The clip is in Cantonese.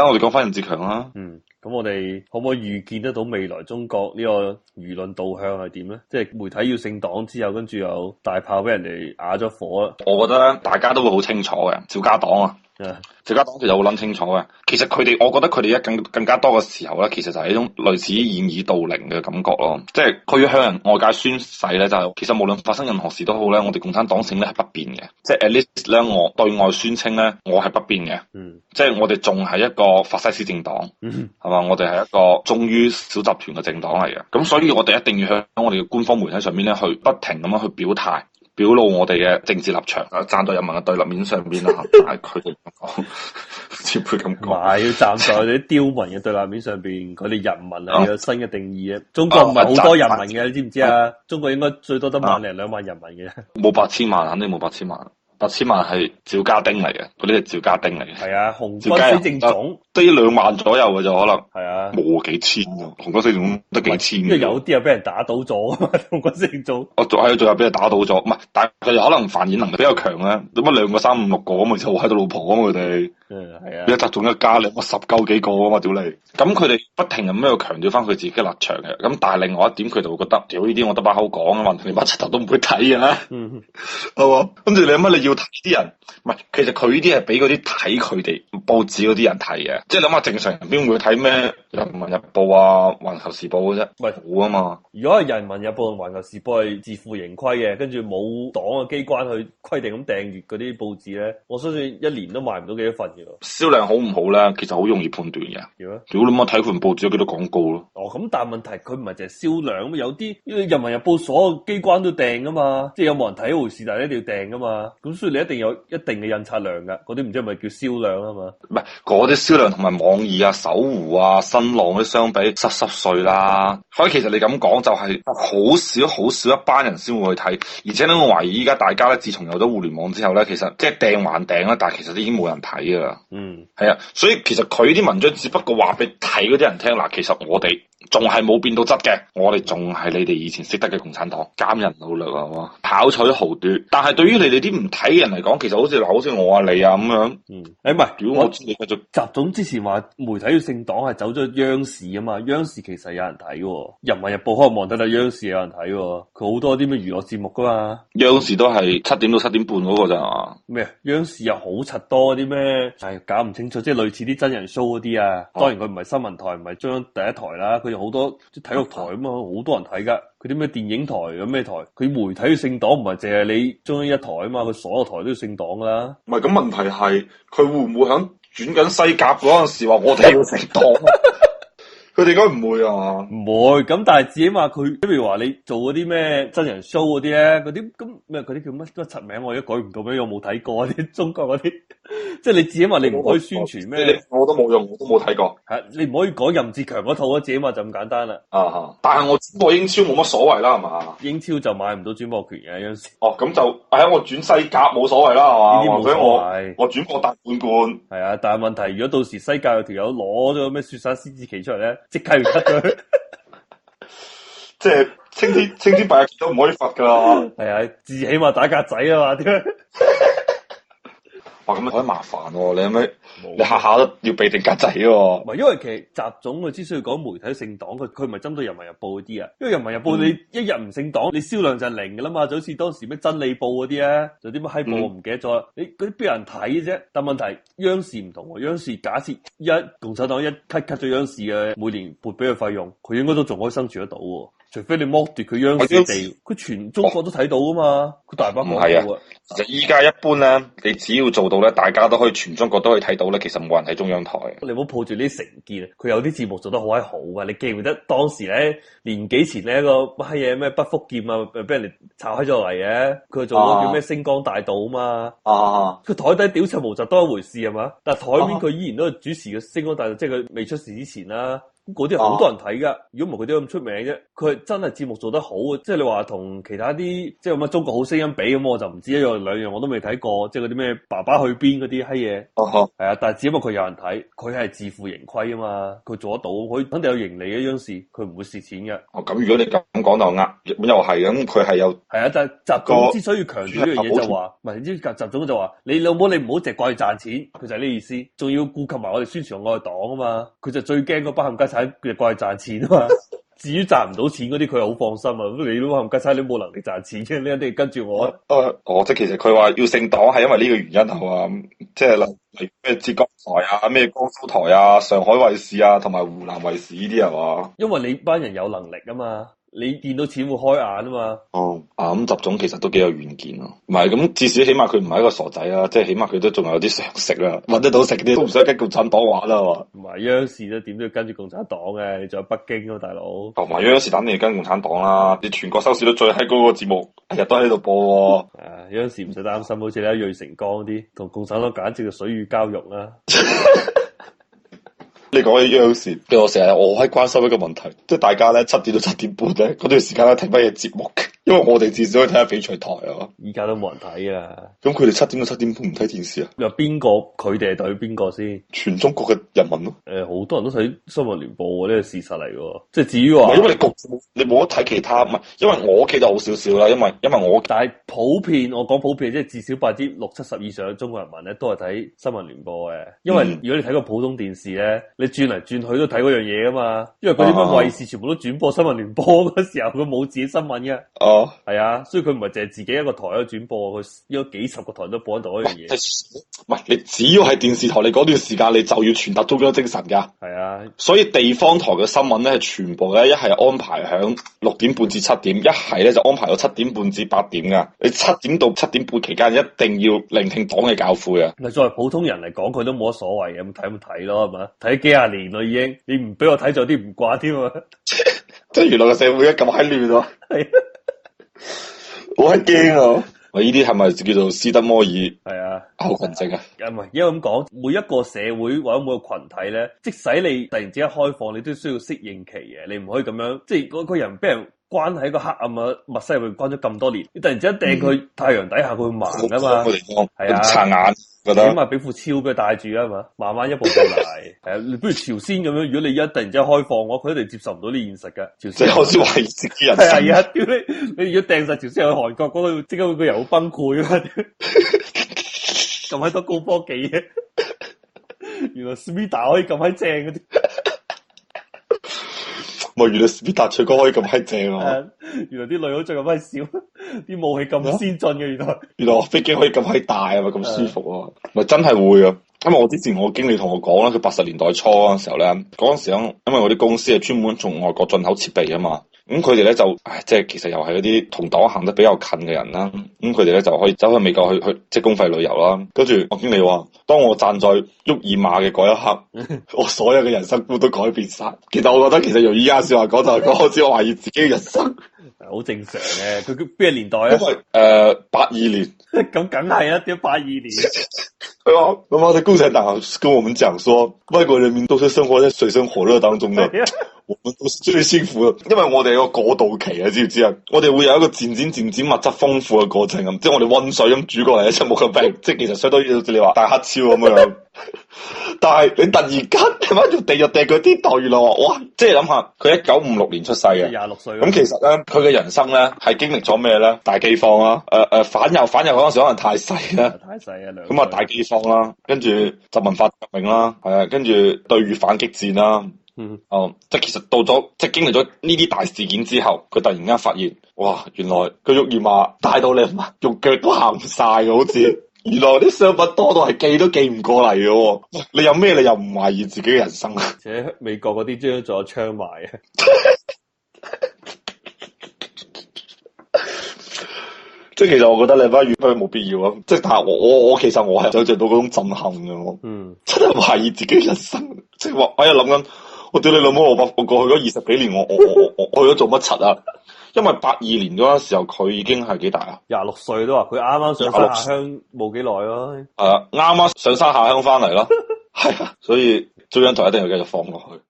我哋講翻任志強啦。嗯，咁我哋可唔可以預見得到未來中國個輿論呢個輿論導向係點咧？即係媒體要姓黨之後，跟住又大炮俾人哋啞咗火喇。我覺得大家都會好清楚嘅，趙家黨啊。自家黨就好諗清楚嘅，其實佢哋，我覺得佢哋一更更加多嘅時候咧，其實就係一種類似於掩耳盜鈴嘅感覺咯，即係佢要向人外界宣誓咧，就係，其實無論發生任何事都好咧，我哋共產黨性咧係不變嘅，即係 at least 咧，我對外宣稱咧，我係不變嘅，mm. 即係我哋仲係一個法西斯政黨，係嘛？mm hmm. 我哋係一個忠於小集團嘅政黨嚟嘅，咁所以我哋一定要向我哋嘅官方媒體上面咧去不停咁樣去表態。表露我哋嘅政治立場啊，站在人民嘅對立面上邊啦，但係佢哋唔講，絕對唔講，唔係，站在啲刁民嘅對立面上邊，佢哋人民係有新嘅定義嘅。中國唔係好多人民嘅， 你知唔知啊？中國應該最多得萬零兩萬人民嘅，冇八千萬，肯定冇八千萬。八千萬係趙家丁嚟嘅，嗰啲係趙家丁嚟嘅。係啊，洪哥四正宗，低一兩萬左右嘅就可能。係啊，冇幾千啊，洪哥四正宗得幾千。即係有啲又俾人打倒咗啊，紅哥四正宗。我仲喺度最後俾人打倒咗，唔係，但佢又可能繁衍能力比較強啊，做乜兩個、三、五、六個咁咪就喺度老婆啊嘛佢哋。嗯，係啊。一集中一家，你咁十鳩幾個啊嘛屌你，咁佢哋不停咁樣強調翻佢自己嘅立場嘅，咁但係另外一點佢就會覺得，屌呢啲我得把口講啊嘛，你把七頭都唔會睇嘅啦。嗯。係嘛，跟住你有乜你要？啲人唔係，其實佢呢啲係俾嗰啲睇佢哋報紙嗰啲人睇嘅，即係諗下正常人邊會睇咩《人民日報》啊《環球時報》啊嘅啫，唔好啊嘛。如果係《人民日報》同《環球時報》係自負盈虧嘅，跟住冇黨嘅機關去規定咁訂閱嗰啲報紙咧，我相信一年都賣唔到幾多份嘅咯。銷量好唔好咧？其實好容易判斷嘅，點咧？主要你咁睇佢份報紙有幾多廣告咯。哦，咁但係問題佢唔係淨係銷量，有啲因為《人民日報》所有機關都訂噶嘛，即係有冇人睇一回事，但係一定要訂噶嘛，咁。所以你一定有一定嘅印刷量噶，嗰啲唔知係咪叫銷量啊嘛？唔係嗰啲銷量同埋網易啊、搜狐啊、新浪嗰啲相比，濕濕碎啦。所以其實你咁講就係好少好少一班人先會去睇，而且咧我懷疑依家大家咧，自從有咗互聯網之後咧，其實即係訂還訂啦，但係其實都已經冇人睇噶啦。嗯，係啊，所以其實佢啲文章只不過話俾睇嗰啲人聽。嗱，其實我哋。仲係冇變到質嘅，我哋仲係你哋以前識得嘅共產黨，監人努力啊，嘛，跑取豪奪。但係對於你哋啲唔睇嘅人嚟講，其實好似嗱，好似我啊你啊咁樣。嗯，誒唔係，如果我集、就是、習總之前話媒體要姓黨係走咗去央視啊嘛，央視其實有人睇《人民日報》，可能望得啦，央視有人睇，佢好多啲咩娛樂節目噶嘛。央視都係七點到七點半嗰個咋？咩、嗯？央視又好柒多啲咩？係、哎、搞唔清楚，即係類似啲真人 show 嗰啲啊。當然佢唔係新聞台，唔係中央第一台啦。好多即係體育台啊嘛，好多人睇噶。佢啲咩電影台啊，咩台，佢媒體要姓黨唔係淨係你中央一台啊嘛，佢所有台都要姓黨噶啦。唔係，咁問題係，佢會唔會響轉緊西甲嗰陣時話我哋要姓黨？ 佢哋應該唔會啊，唔會咁，但係至起碼佢，譬如話你做嗰啲咩真人 show 嗰啲咧，嗰啲咁咩嗰啲叫乜乜柒名我，我而家改唔到，咩我冇睇過啲中國嗰啲，即 係你至起碼你唔可以宣傳咩，我都冇用，我都冇睇過。係、啊、你唔可以講任志強嗰套啊，至起碼就咁簡單啦。啊，但係我轉英超冇乜所謂啦，係嘛？英超就買唔到轉播權嘅，有陣時哦咁就係、哎、我轉西甲冇所謂啦，係嘛？唔者我我轉個大半冠係啊，但係問題如果到時西甲有條友攞咗咩雪山獅子旗出嚟咧？即刻要 cut 佢，即係青天青天白日都唔可以發噶，係啊，至少起碼打格仔啊嘛，點解？ 哇！咁樣好麻煩喎、啊，你咁樣，你下下都要俾定格仔喎。唔係，因為其實雜種佢只需要講媒體姓黨，佢佢唔係針對人民日報嗰啲啊。因為人民日報你一日唔姓黨，你銷量就係零噶啦嘛。就好似當時咩真理報嗰啲啊，就啲乜閪報，我唔記得咗。嗯、你嗰啲邊有人睇啫、啊？但問題央視唔同、啊，央視假設一共產黨一 cut cut 咗央視嘅每年撥俾佢費用，佢應該都仲可以生存得到、啊。除非你剝奪佢央視佢全中國都睇到噶嘛？佢、哦、大把唔係啊！其實依家一般咧，你只要做到咧，大家都可以全中國都可以睇到咧。其實冇人喺中央台。你唔好抱住啲成見，佢有啲節目做得好閪好噶，你記唔記得當時咧年幾前咧個乜閪嘢咩畢福劍啊？俾人哋炒起咗嚟嘅，佢做咗叫咩星光大道啊嘛？哦、啊，佢台底屌柒毛澤東一回事係嘛？但係台面佢依然都係主持嘅星光大道，即係佢未出事之前啦。嗰啲好多人睇噶，如果唔係佢都咁出名啫，佢真係節目做得好，啊。即係你話同其他啲即係乜中國好聲音比咁，我就唔知一樣兩樣我都未睇過，即係嗰啲咩爸爸去邊嗰啲閪嘢，係啊，但係只不過佢有人睇，佢係自負盈虧啊嘛，佢做得到，佢肯定有盈利嘅樣事，佢唔會蝕錢嘅。咁、啊、如果你咁講就呃，咁又係嘅，咁佢係有係啊，但就習總之所以強調呢樣嘢就話，唔係，之習習總就話，你老母你唔好淨掛住賺錢，佢就係呢意思，仲要顧及埋我哋宣傳我哋黨啊嘛，佢就最驚個不幸。佢哋又去賺錢啊嘛， 至於賺唔到錢嗰啲佢又好放心啊。咁你都話唔得曬，你冇能力賺錢，你一定跟住我。哦，即係其實佢話要姓黨係因為呢個原因係嘛？即係例如咩浙江台啊、咩江蘇台啊、上海衛視啊、同埋湖南衛視呢啲係嘛？因為你班人有能力啊嘛。你見到錢會開眼啊嘛，哦、嗯，咁、嗯、習總其實都幾有遠見啊。唔係咁至少起碼佢唔係一個傻仔啊，即係起碼佢都仲有啲常識啦，揾得到食啲都唔使跟共產黨玩啦、啊，唔係央視都點都要跟住共產黨嘅、啊，你仲有北京啊大佬，同埋央視肯定跟共產黨啦、啊，你全國收視都最 high 個節目日日都喺度播、啊，誒、啊，央視唔使擔心，好似咧芮成鋼啲同共產黨簡直就水乳交融啦、啊。 你講起央視，其實我成日我喺關心一個問題，即係大家咧七點到七點半咧嗰段時間咧睇乜嘢節目？因為我哋至少可以睇下翡翠台啊，依家都冇人睇啊。咁佢哋七點到七點都唔睇電視啊？你話邊個佢哋係對邊個先？全中國嘅人民咯、啊。誒、呃，好多人都睇新聞聯播嘅呢個事實嚟嘅。即係至於話不，因為你焗，你冇得睇其他。唔係，因為我屋企就好少少啦。因為因為我，但係普遍我講普遍，即係至少百分之六七十以上嘅中國人民咧，都係睇新聞聯播嘅。因為如果你睇個普通電視咧，嗯、你轉嚟轉去都睇嗰樣嘢噶嘛。因為嗰啲咩衛視全部都轉播新聞聯播嗰時候，佢冇自己新聞嘅。啊。係啊，所以佢唔係淨係自己一個台去轉播，佢有幾十個台都播得到一樣嘢。唔係你只要係電視台，你嗰段時間你就要傳達中央精神噶。係啊，所以地方台嘅新聞咧，全部咧一係安排響六點半至七點，一係咧就安排到七點半至八點噶。你七點到七點半期間一定要聆聽黨嘅教誨啊！嗱，作為普通人嚟講，佢都冇乜所謂嘅，咁睇咪睇咯，係嘛？睇幾廿年咯已經，你唔俾我睇就啲唔掛添啊！即係原來嘅社會咁閪亂啊！我一驚哦！我呢啲係咪叫做斯德摩爾？係啊，好群症啊！唔係、啊、因為咁講，每一個社會或者每一個群體咧，即使你突然之間開放，你都需要適應期嘅。你唔可以咁樣，即係個個人俾人，關喺個黑暗嘅密室入面關咗咁多年，你突然之間掟佢太陽底下，佢盲啊嘛，係、嗯、啊擦眼，覺得起碼俾副超佢戴住啊嘛，慢慢一步一步嚟。係 啊，你不如朝鮮咁樣，如果你而家突然之間開放，我佢一定接受唔到啲現實嘅。朝鮮好似話現實人，係 啊，屌你，你如果掟實朝鮮去韓國嗰、那個，即、那、刻個人好會會崩潰啊！咁閪多高科技嘅，原來 Speed 可以咁閪正嘅。咪原來斯巴達吹歌可以咁閪正啊！ 原來啲女好最咁閪少，啲 武器咁先進嘅 原來。原來我飛機可以咁閪大啊！咪咁 舒服啊！咪 真係會啊！因為我之前我經理同我講啦，佢八十年代初嗰陣時候咧，嗰陣時候因為我啲公司係專門從外國進口設備啊嘛。咁佢哋咧就，唉、哎，即係其實又係嗰啲同黨行得比較近嘅人啦。咁佢哋咧就可以走去美國去去即公費旅遊啦。跟住我經理話，當我站在沃爾瑪嘅嗰一刻， 我所有嘅人生觀都改變晒。其實我覺得其實由依家説話講 就係講開始我懷疑自己嘅人生。好正常嘅，佢叫咩年代 啊？因為誒八二年。咁梗係一啲八二年。佢話，咁我哋共產黨跟我們講說，外國人民都是生活在水深火熱當中嘅。」最辛苦嘞，因為我哋個過渡期啊，知唔知啊？我哋會有一個漸漸漸漸物質豐富嘅過程咁，即係我哋溫水咁煮過嚟一出冇咁逼，即係其實相當於你話大黑超咁樣。 但係你突然間點解要掟又掟佢啲代？原來哇，即係諗下佢一九五六年出世嘅廿六歲，咁其實咧佢嘅人生咧係經歷咗咩咧？大飢荒啦，誒、呃、誒、呃、反右反右嗰陣時可能太細啦，太細啊，咁啊大飢荒啦，跟住就文化革命啦，係啊，跟住對越反擊戰啦。 嗯，哦，即係其實到咗，即係經歷咗呢啲大事件之後，佢突然間發現，哇，原來佢沃爾瑪帶到你用腳都行唔晒嘅，好似原來啲商品多到係記都記唔過嚟嘅，你有咩理由唔懷疑自己嘅人生啊？即係美國嗰啲仲有槍埋啊。」 即係其實我覺得你翻粵飛冇必要啊，即係但係我我我其實我係想象到嗰種震撼嘅，我，嗯，真係懷疑自己嘅人生，即係話我係諗緊。我屌你老母！我過我過去咗二十幾年，我我我我我去咗做乜柒啊？因為八二年嗰個時候，佢已經係幾大啊？廿六歲都話，佢啱啱上山下鄉冇幾耐咯。係啦，啱啱上山下鄉翻嚟咯。係啊，所以中央台一定要繼續放落去。